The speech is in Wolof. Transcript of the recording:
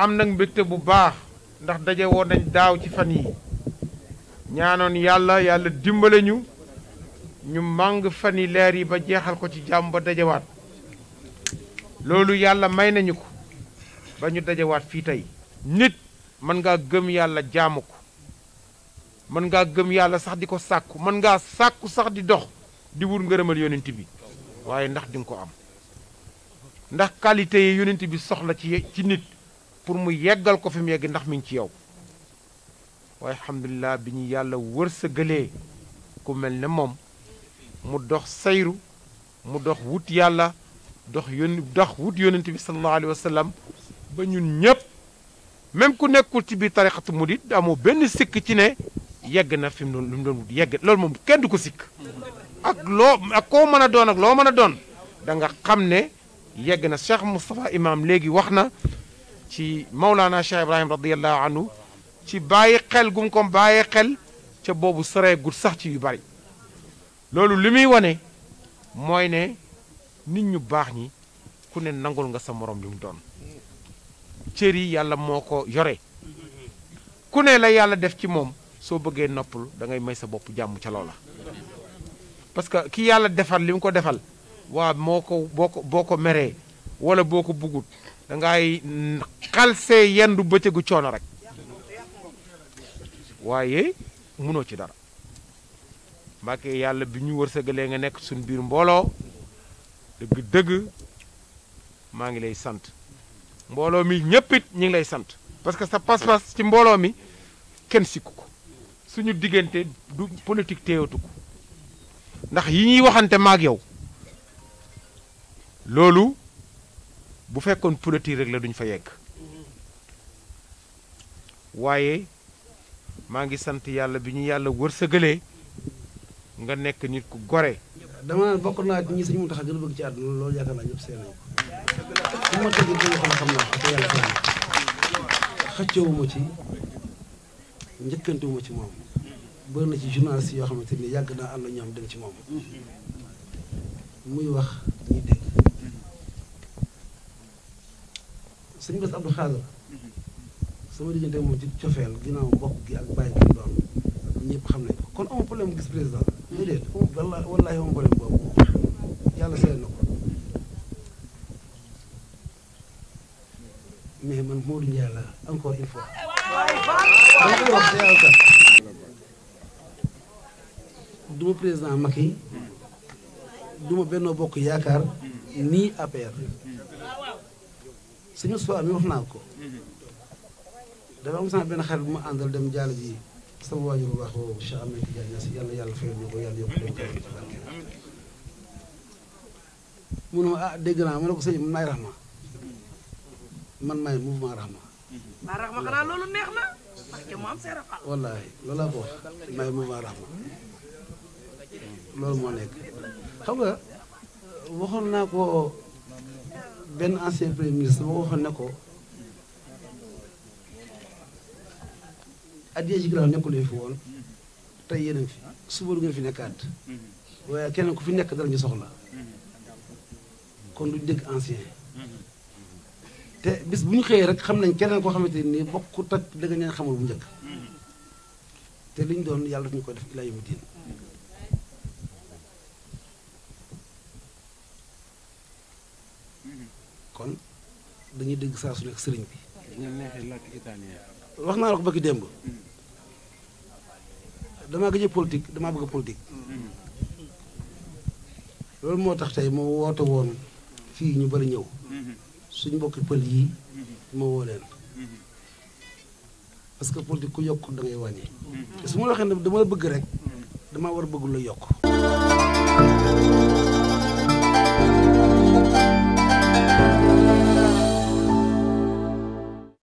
am nag mbégte bu baax ndax daje woon nañ daaw ci fan yi ñaanoon yàlla yàlla dimbale ñu ñu màng fan yi leer yi ba jeexal ko ci jàmm ba dajewaat loolu yàlla may nañu ko ba ñu dajewaat fii tey nit mën ngaa gëm yàlla jaamu ko mën ngaa gëm yàlla sax di ko sàkku mën ngaa sàkku sax di dox di wut ngërëmal yonent bi waaye ndax di ko am ndax qualité yi yonent bi soxla ci ci nit pour mu yeggal ko fi mu yegg ndax mi ngi ci yow waaye alhamdulilah bi ñu yàlla wërsëgalee ku mel ne moom mu dox sayru mu dox wut yàlla dox yón dox wut yónent bi sallallahu alayhi wa ba ñun ñëpp même ku nekkul ci biir tariqatu murid amoo benn sikk ci ne yegg na fi mu doon wut yegg loolu moom kenn du ko sikk ak loo ak koo mën a doon ak loo mën a doon da nga xam ne yegg na Cheikh Moustapha Imam léegi wax na ci Maulana Cheikh Ibrahim radiyallahu anhu ci bàyyi xel gum koom bàyyi xel ca boobu soreegul sax ci yu bari loolu li muy wane mooy ne nit ñu baax ñi ku ne nangul nga sa moroom li mu doon cër yi yàlla moo ko yore ku ne la yàlla def ci moom soo bëggee noppul dangay may sa bopp jàmm ca loola parce que ki yàlla defal li mu ko defal waa moo ko boo ko boo ko meree wala boo ko bugut dangay ngay xalsee yendu bëccëgu coono rek waaye munoo ci dara mbàkke yàlla bi ñu wërsëgalee nga nekk suñ biir mbooloo dëgg-dëgg maa ngi lay sant mbooloo mi ñëppit ñu ngi lay sant parce que sa pas-pas ci mbooloo mi kenn sikku ko suñu diggante du politique téewatu ko ndax yi ñuy waxante maag yow loolu bu fekkoon politique rek la duñ fa yegg waaye maa ngi sant yàlla bi ñu yàlla wërsëgalee nga nekk nit ku gore. dama naan bokk naa ñi sëñ Mountakha gën a bëgg ci àdduna loolu yaakaar naa ñëpp seen nañ ko bu ma tëgg dina xam xam naa ko yàlla xam xëccoowuma ci njëkkantewuma ci moom bëri na ci journaliste yoo xamante ni yàgg naa àll ñoom dem ci moom muy wax ñuy dégg sëñ Bass Abdou Khadre sama diggante moom ci cofeel ginnaaw bokk gi ak bàyyi gi doon ñëpp xam nañ ko kon amul problème gis président déedéet wallaahi wallaahi amul problème boobu yàlla seet na ko mais man Modou Ndiaye la encore une fois dama koy wax te duma bennoo bokk yaakaar nii APR suñu histoire bi wax naa ko. dafa am sama benn xarit bu ma àndal dem jaal ji sama waajur bu baax boobu Cheikh Ahmed Tidiane Niass yàlla yàlla fayal ñu ko yàlla yokk ko mu ah, naa ma ne man may Rahma man maay mouvement loolu neex wax maay mouvement Rahma loolu moo nekk xam nga waxoon naa ko. benn ancien premier ministre moo waxoon ne ko addiya ji ginnaaw nekkuleen fi woon tey yéen fi suba du ngeen fi nekkaat waaye keneen ku fi nekk dara ñu soxla kon duñ dégg ancien te bis bu ñu xëyee rek xam nañ keneen koo xamante nii bokkut ak dëgg ñeen xamul bu njëkk te liñ doon yàlla daf ñu koy def ilaa yawmi diin kon dañuy dégg saa su nekk sëriñ bi. wax naa la ko bëgg démb. damaa gëj politique damaa bëgg politique. loolu moo tax tey moo woote woon fii ñu bari ñëw. suñu mbokki pël yii ma woo leen. parce que politique ku yokk da ngay wàññi. te su ma la waxee dama bëgg rek. damaa war a bëgg la yokk.